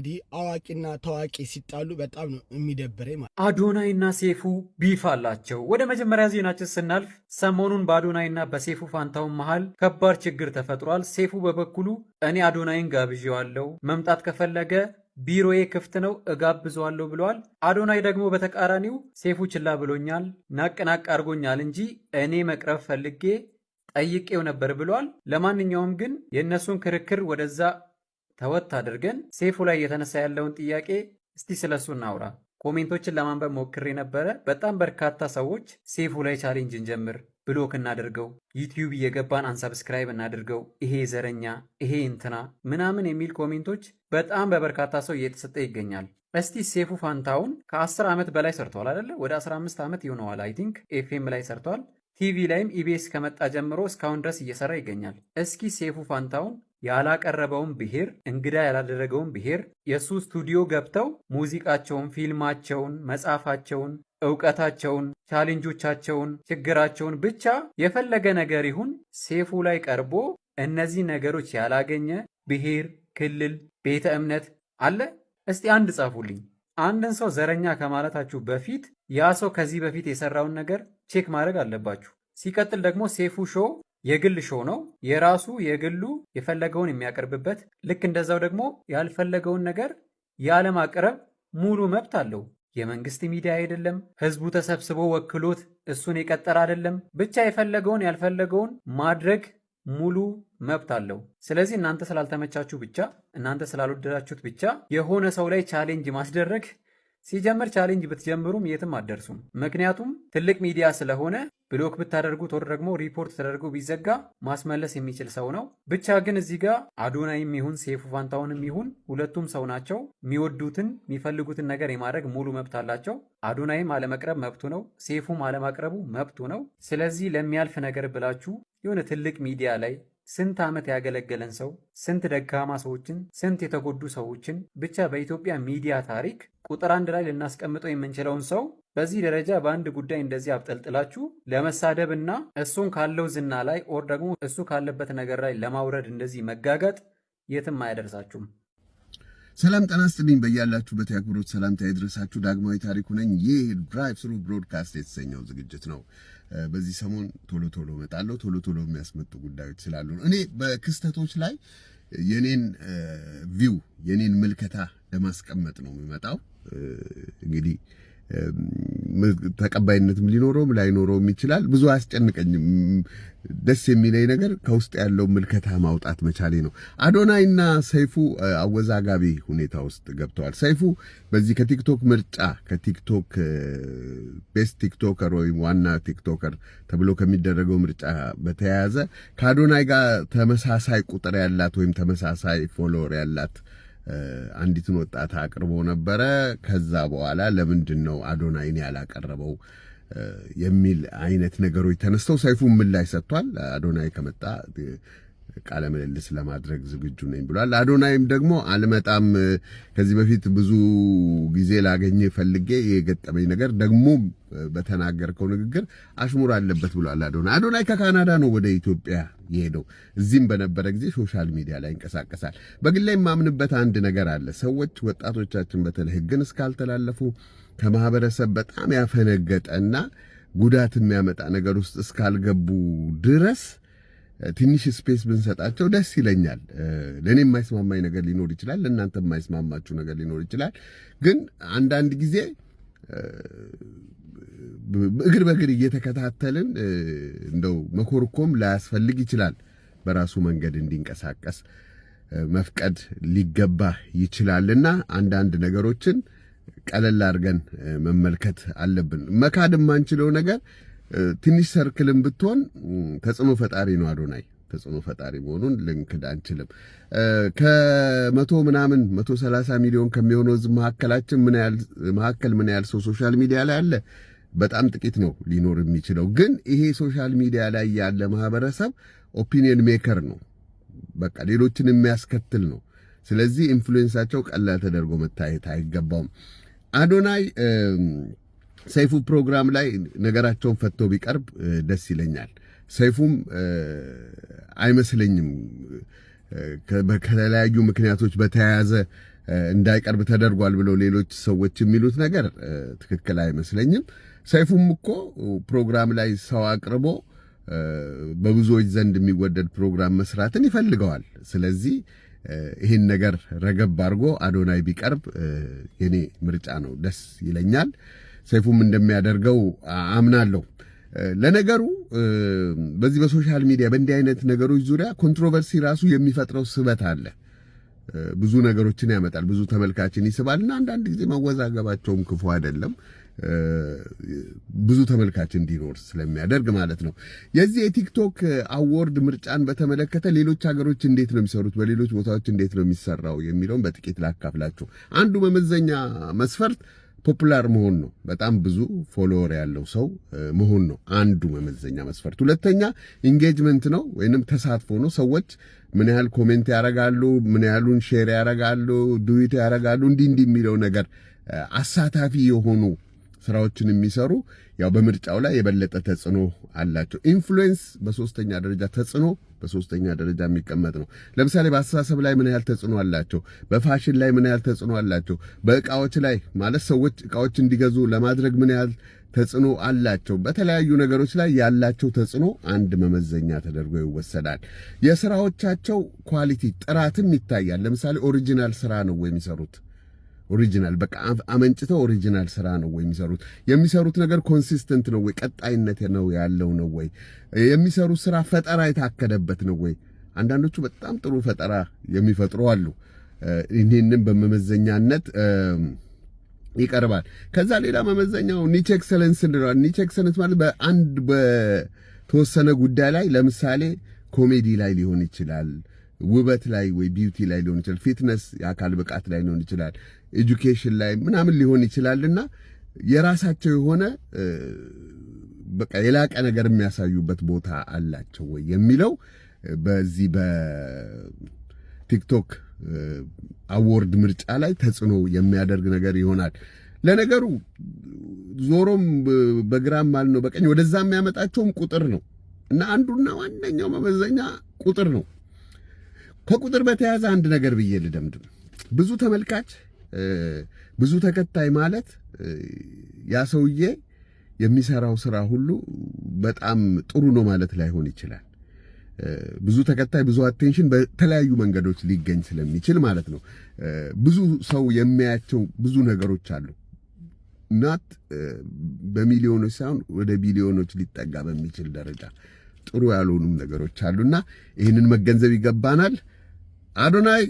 እንግዲህ አዋቂና ታዋቂ ሲጣሉ በጣም ነው የሚደብረኝ። ማለት አዶናይና ሴፉ ቢፍ አላቸው። ወደ መጀመሪያ ዜናችን ስናልፍ ሰሞኑን በአዶናይና በሴፉ ፋንታውን መሃል ከባድ ችግር ተፈጥሯል። ሴፉ በበኩሉ እኔ አዶናይን ጋብዤዋለሁ፣ መምጣት ከፈለገ ቢሮዬ ክፍት ነው እጋብዘዋለሁ ብለዋል። አዶናይ ደግሞ በተቃራኒው ሴፉ ችላ ብሎኛል፣ ናቅ ናቅ አድርጎኛል እንጂ እኔ መቅረብ ፈልጌ ጠይቄው ነበር ብለዋል። ለማንኛውም ግን የእነሱን ክርክር ወደዛ ተወት አድርገን ሴፉ ላይ እየተነሳ ያለውን ጥያቄ እስቲ ስለሱ እናውራ። ኮሜንቶችን ለማንበብ ሞክሬ ነበረ። በጣም በርካታ ሰዎች ሴፉ ላይ ቻሌንጅ እንጀምር፣ ብሎክ እናደርገው፣ ዩቲዩብ እየገባን አንሰብስክራይብ እናድርገው፣ ይሄ ዘረኛ፣ ይሄ እንትና ምናምን የሚል ኮሜንቶች በጣም በበርካታ ሰው እየተሰጠ ይገኛል። እስቲ ሴፉ ፋንታውን ከ10 ዓመት በላይ ሰርቷል አይደለ? ወደ 15 ዓመት ይሆነዋል አይ ቲንክ ኤፍኤም ላይ ሰርቷል። ቲቪ ላይም ኢቢኤስ ከመጣ ጀምሮ እስካሁን ድረስ እየሰራ ይገኛል። እስኪ ሴፉ ፋንታውን ያላቀረበውን ብሔር እንግዳ ያላደረገውን ብሔር የእሱ ስቱዲዮ ገብተው ሙዚቃቸውን፣ ፊልማቸውን፣ መጽሐፋቸውን፣ እውቀታቸውን፣ ቻሌንጆቻቸውን፣ ችግራቸውን ብቻ የፈለገ ነገር ይሁን ሴፉ ላይ ቀርቦ እነዚህ ነገሮች ያላገኘ ብሔር፣ ክልል፣ ቤተ እምነት አለ? እስቲ አንድ ጻፉልኝ። አንድን ሰው ዘረኛ ከማለታችሁ በፊት ያ ሰው ከዚህ በፊት የሰራውን ነገር ቼክ ማድረግ አለባችሁ። ሲቀጥል ደግሞ ሴፉ ሾው የግል ሾው ነው። የራሱ የግሉ የፈለገውን የሚያቀርብበት ልክ እንደዛው ደግሞ ያልፈለገውን ነገር ያለማቅረብ ሙሉ መብት አለው። የመንግስት ሚዲያ አይደለም፣ ህዝቡ ተሰብስቦ ወክሎት እሱን የቀጠረ አይደለም። ብቻ የፈለገውን ያልፈለገውን ማድረግ ሙሉ መብት አለው። ስለዚህ እናንተ ስላልተመቻችሁ ብቻ እናንተ ስላልወደዳችሁት ብቻ የሆነ ሰው ላይ ቻሌንጅ ማስደረግ ሲጀምር ቻሌንጅ ብትጀምሩም የትም አደርሱም ምክንያቱም ትልቅ ሚዲያ ስለሆነ ብሎክ ብታደርጉ ወር ደግሞ ሪፖርት ተደርጎ ቢዘጋ ማስመለስ የሚችል ሰው ነው። ብቻ ግን እዚህ ጋር አዶናይም ይሁን ሴፉ ፋንታውንም ይሁን ሁለቱም ሰው ናቸው። የሚወዱትን የሚፈልጉትን ነገር የማድረግ ሙሉ መብት አላቸው። አዶናይም አለመቅረብ መብቱ ነው። ሴፉም አለማቅረቡ መብቱ ነው። ስለዚህ ለሚያልፍ ነገር ብላችሁ የሆነ ትልቅ ሚዲያ ላይ ስንት ዓመት ያገለገለን ሰው፣ ስንት ደካማ ሰዎችን፣ ስንት የተጎዱ ሰዎችን ብቻ በኢትዮጵያ ሚዲያ ታሪክ ቁጥር አንድ ላይ ልናስቀምጠው የምንችለውን ሰው በዚህ ደረጃ በአንድ ጉዳይ እንደዚህ አብጠልጥላችሁ ለመሳደብ እና እሱን ካለው ዝና ላይ ኦር ደግሞ እሱ ካለበት ነገር ላይ ለማውረድ እንደዚህ መጋጋጥ የትም አያደርሳችሁም። ሰላም ጤና ይስጥልኝ። በያላችሁበት የአክብሮት ሰላምታ ይድረሳችሁ። ዳግማዊ ታሪኩ ነኝ። ይህ ድራይቭ ስሩ ብሮድካስት የተሰኘው ዝግጅት ነው። በዚህ ሰሞን ቶሎ ቶሎ እመጣለሁ። ቶሎ ቶሎ የሚያስመጡ ጉዳዮች ስላሉ ነው። እኔ በክስተቶች ላይ የኔን ቪው የኔን ምልከታ ለማስቀመጥ ነው የሚመጣው እንግዲህ ተቀባይነትም ሊኖረውም ላይኖረውም ይችላል። ብዙ አያስጨንቀኝም። ደስ የሚለኝ ነገር ከውስጥ ያለው ምልከታ ማውጣት መቻሌ ነው። አዶናይና ሰይፉ አወዛጋቢ ሁኔታ ውስጥ ገብተዋል። ሰይፉ በዚህ ከቲክቶክ ምርጫ ከቲክቶክ ቤስት ቲክቶከር ወይም ዋና ቲክቶከር ተብሎ ከሚደረገው ምርጫ በተያያዘ ከአዶናይ ጋር ተመሳሳይ ቁጥር ያላት ወይም ተመሳሳይ ፎሎወር ያላት አንዲትን ወጣት አቅርቦ ነበረ። ከዛ በኋላ ለምንድን ነው አዶናይን ያላቀረበው የሚል አይነት ነገሮች ተነስተው ሰይፉ ምላሽ ሰጥቷል። አዶናይ ከመጣ ቃለ ምልልስ ለማድረግ ዝግጁ ነኝ ብሏል። አዶናይም ደግሞ አልመጣም፣ ከዚህ በፊት ብዙ ጊዜ ላገኘ ፈልጌ የገጠመኝ ነገር ደግሞ በተናገርከው ንግግር አሽሙር አለበት ብሏል አዶናይ። አዶናይ ከካናዳ ነው ወደ ኢትዮጵያ የሄደው። እዚህም በነበረ ጊዜ ሶሻል ሚዲያ ላይ ይንቀሳቀሳል። በግል ላይ የማምንበት አንድ ነገር አለ። ሰዎች ወጣቶቻችን በተለይ ህግን እስካልተላለፉ ከማህበረሰብ በጣም ያፈነገጠና ጉዳት የሚያመጣ ነገር ውስጥ እስካልገቡ ድረስ ትንሽ ስፔስ ብንሰጣቸው ደስ ይለኛል። ለእኔ የማይስማማኝ ነገር ሊኖር ይችላል፣ ለእናንተ የማይስማማችሁ ነገር ሊኖር ይችላል። ግን አንዳንድ ጊዜ እግር በእግር እየተከታተልን እንደው መኮርኮም ላያስፈልግ ይችላል። በራሱ መንገድ እንዲንቀሳቀስ መፍቀድ ሊገባ ይችላልና አንዳንድ ነገሮችን ቀለል አድርገን መመልከት አለብን። መካድ የማንችለው ነገር ትንሽ ሰርክልም ብትሆን ተጽዕኖ ፈጣሪ ነው አዶናይ። ተጽዕኖ ፈጣሪ መሆኑን ልንክድ አንችልም። ከመቶ ምናምን መቶ ሰላሳ ሚሊዮን ከሚሆነው ህዝብ መካከላችን ምን ያህል መካከል ምን ያህል ሰው ሶሻል ሚዲያ ላይ አለ? በጣም ጥቂት ነው ሊኖር የሚችለው። ግን ይሄ ሶሻል ሚዲያ ላይ ያለ ማህበረሰብ ኦፒኒየን ሜከር ነው፣ በቃ ሌሎችን የሚያስከትል ነው። ስለዚህ ኢንፍሉዌንሳቸው ቀላል ተደርጎ መታየት አይገባውም። አዶናይ ሰይፉ ፕሮግራም ላይ ነገራቸውን ፈቶ ቢቀርብ ደስ ይለኛል። ሰይፉም አይመስለኝም ከተለያዩ ምክንያቶች በተያያዘ እንዳይቀርብ ተደርጓል ብለው ሌሎች ሰዎች የሚሉት ነገር ትክክል አይመስለኝም። ሰይፉም እኮ ፕሮግራም ላይ ሰው አቅርቦ በብዙዎች ዘንድ የሚወደድ ፕሮግራም መስራትን ይፈልገዋል። ስለዚህ ይህን ነገር ረገብ አድርጎ አዶናይ ቢቀርብ የኔ ምርጫ ነው፣ ደስ ይለኛል። ሰይፉም እንደሚያደርገው አምናለሁ። ለነገሩ በዚህ በሶሻል ሚዲያ በእንዲህ አይነት ነገሮች ዙሪያ ኮንትሮቨርሲ ራሱ የሚፈጥረው ስበት አለ። ብዙ ነገሮችን ያመጣል፣ ብዙ ተመልካችን ይስባል እና አንዳንድ ጊዜ መወዛገባቸውም ክፉ አይደለም። ብዙ ተመልካች እንዲኖር ስለሚያደርግ ማለት ነው። የዚህ የቲክቶክ አዎርድ ምርጫን በተመለከተ ሌሎች ሀገሮች እንዴት ነው የሚሰሩት፣ በሌሎች ቦታዎች እንዴት ነው የሚሰራው የሚለውን በጥቂት ላካፍላችሁ። አንዱ መመዘኛ መስፈርት ፖፑላር መሆን ነው። በጣም ብዙ ፎሎወር ያለው ሰው መሆን ነው አንዱ መመዘኛ መስፈርት። ሁለተኛ ኢንጌጅመንት ነው ወይንም ተሳትፎ ነው። ሰዎች ምን ያህል ኮሜንት ያረጋሉ፣ ምን ያህሉን ሼር ያረጋሉ፣ ዱዊት ያረጋሉ፣ እንዲህ እንዲህ የሚለው ነገር አሳታፊ የሆኑ ስራዎችን የሚሰሩ ያው በምርጫው ላይ የበለጠ ተጽዕኖ አላቸው። ኢንፍሉዌንስ በሶስተኛ ደረጃ ተጽዕኖ በሶስተኛ ደረጃ የሚቀመጥ ነው። ለምሳሌ በአስተሳሰብ ላይ ምን ያህል ተጽዕኖ አላቸው? በፋሽን ላይ ምን ያህል ተጽዕኖ አላቸው? በእቃዎች ላይ ማለት ሰዎች እቃዎች እንዲገዙ ለማድረግ ምን ያህል ተጽዕኖ አላቸው? በተለያዩ ነገሮች ላይ ያላቸው ተጽዕኖ አንድ መመዘኛ ተደርጎ ይወሰዳል። የስራዎቻቸው ኳሊቲ ጥራትም ይታያል። ለምሳሌ ኦሪጂናል ስራ ነው የሚሰሩት ኦሪጂናል በቃ አመንጭተው ኦሪጂናል ስራ ነው ወይ የሚሰሩት? የሚሰሩት ነገር ኮንሲስተንት ነው ወይ? ቀጣይነት ነው ያለው ነው ወይ? የሚሰሩት ስራ ፈጠራ የታከለበት ነው ወይ? አንዳንዶቹ በጣም ጥሩ ፈጠራ የሚፈጥሩ አሉ። ይህንን በመመዘኛነት ይቀርባል። ከዛ ሌላ መመዘኛው ኒች ኤክሰለንስ እንለዋል። ኒች ኤክሰለንስ ማለት በአንድ በተወሰነ ጉዳይ ላይ ለምሳሌ ኮሜዲ ላይ ሊሆን ይችላል ውበት ላይ ወይ ቢዩቲ ላይ ሊሆን ይችላል፣ ፊትነስ የአካል ብቃት ላይ ሊሆን ይችላል፣ ኤጁኬሽን ላይ ምናምን ሊሆን ይችላልና የራሳቸው የሆነ በቃ የላቀ ነገር የሚያሳዩበት ቦታ አላቸው ወይ የሚለው በዚህ በቲክቶክ አዎርድ ምርጫ ላይ ተጽዕኖ የሚያደርግ ነገር ይሆናል። ለነገሩ ዞሮም በግራም ማለት ነው በቀኝ ወደዛ የሚያመጣቸውም ቁጥር ነው እና አንዱና ዋነኛው መመዘኛ ቁጥር ነው። ከቁጥር በተያያዘ አንድ ነገር ብዬ ልደምድም። ብዙ ተመልካች ብዙ ተከታይ ማለት ያ ሰውዬ የሚሰራው ስራ ሁሉ በጣም ጥሩ ነው ማለት ላይሆን ይችላል። ብዙ ተከታይ ብዙ አቴንሽን በተለያዩ መንገዶች ሊገኝ ስለሚችል ማለት ነው። ብዙ ሰው የሚያያቸው ብዙ ነገሮች አሉ። ናት በሚሊዮኖች ሳይሆን ወደ ቢሊዮኖች ሊጠጋ በሚችል ደረጃ ጥሩ ያልሆኑም ነገሮች አሉና ይህንን መገንዘብ ይገባናል። አዶናይ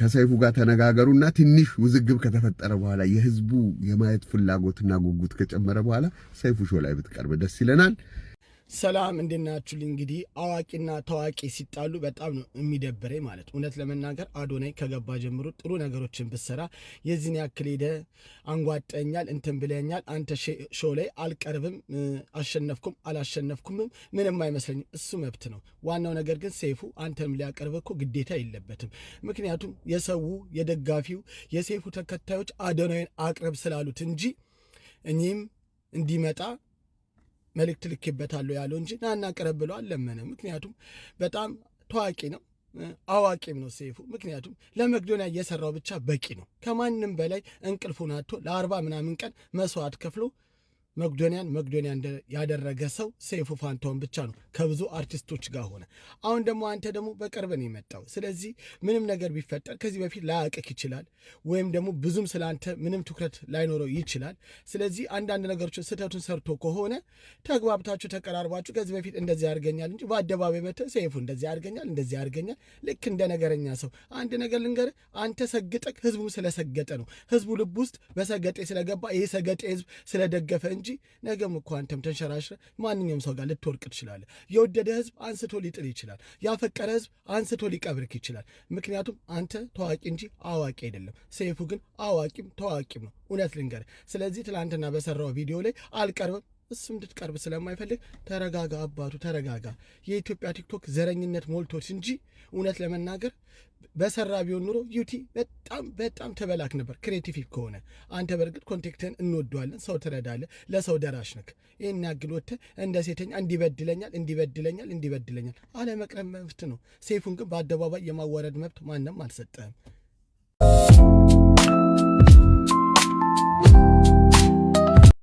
ከሰይፉ ጋር ተነጋገሩና ትንሽ ውዝግብ ከተፈጠረ በኋላ የህዝቡ የማየት ፍላጎትና ጉጉት ከጨመረ በኋላ ሰይፉ ሾላይ ላይ ብትቀርብ ደስ ይለናል። ሰላም እንዴት ናችሁልኝ? እንግዲህ አዋቂና ታዋቂ ሲጣሉ በጣም ነው የሚደብረኝ ማለት እውነት ለመናገር አዶናይ ከገባ ጀምሮ ጥሩ ነገሮችን ብሰራ የዚህን ያክል ሄደ አንጓጠኛል፣ እንትን ብለኛል፣ አንተ ሾ ላይ አልቀርብም፣ አሸነፍኩም አላሸነፍኩምም ምንም አይመስለኝም። እሱ መብት ነው። ዋናው ነገር ግን ሰይፉ አንተም ሊያቀርብ እኮ ግዴታ የለበትም። ምክንያቱም የሰው የደጋፊው የሰይፉ ተከታዮች አዶናይን አቅርብ ስላሉት እንጂ እኚህም እንዲመጣ መልእክት ልኬበታለሁ ያለው እንጂ ናና ቅረብ ብለው አልለመነ። ምክንያቱም በጣም ታዋቂ ነው አዋቂም ነው ሰይፉ። ምክንያቱም ለመቄዶንያ እየሰራው ብቻ በቂ ነው። ከማንም በላይ እንቅልፉን አጥቶ ለአርባ ምናምን ቀን መስዋዕት ከፍሎ መቅዶኒያን መቅዶኒያ ያደረገ ሰው ሰይፉ ፋንታሁን ብቻ ነው። ከብዙ አርቲስቶች ጋር ሆነ። አሁን ደግሞ አንተ ደግሞ በቅርብ ነው የመጣው። ስለዚህ ምንም ነገር ቢፈጠር ከዚህ በፊት ላያቅክ ይችላል፣ ወይም ደግሞ ብዙም ስለ አንተ ምንም ትኩረት ላይኖረው ይችላል። ስለዚህ አንዳንድ ነገሮች ስህተቱን ሰርቶ ከሆነ ተግባብታችሁ ተቀራርባችሁ ከዚህ በፊት እንደዚህ ያርገኛል እንጂ በአደባባይ መተ ሰይፉ እንደዚህ ያርገኛል፣ እንደዚህ ያርገኛል፣ ልክ እንደ ነገረኛ ሰው አንድ ነገር ልንገር፣ አንተ ሰግጠቅ ህዝቡ ስለሰገጠ ነው። ህዝቡ ልብ ውስጥ በሰገጤ ስለገባ ይህ ሰገጤ ህዝብ ስለደገፈ እንጂ ነገም እኮ አንተም ተንሸራሽረ ማንኛውም ሰው ጋር ልትወርቅ ትችላለህ። የወደደ ህዝብ አንስቶ ሊጥል ይችላል። ያፈቀረ ህዝብ አንስቶ ሊቀብርክ ይችላል። ምክንያቱም አንተ ታዋቂ እንጂ አዋቂ አይደለም። ሰይፉ ግን አዋቂም ታዋቂም ነው። እውነት ልንገር። ስለዚህ ትላንትና በሰራው ቪዲዮ ላይ አልቀርብም እሱ እንድትቀርብ ስለማይፈልግ ተረጋጋ፣ አባቱ ተረጋጋ። የኢትዮጵያ ቲክቶክ ዘረኝነት ሞልቶች እንጂ እውነት ለመናገር በሰራ ቢሆን ኑሮ ዩቲ በጣም በጣም ተበላክ ነበር። ክሬቲቭ ከሆነ አንተ በእርግጥ ኮንቴክትን እንወደዋለን፣ ሰው ትረዳለ፣ ለሰው ደራሽ ነክ። ይህን ያግል ወጥተህ እንደ ሴተኛ እንዲበድለኛል እንዲበድለኛል እንዲበድለኛል አለመቅረብ መብት ነው። ሴፉን ግን በአደባባይ የማዋረድ መብት ማንም አልሰጠህም።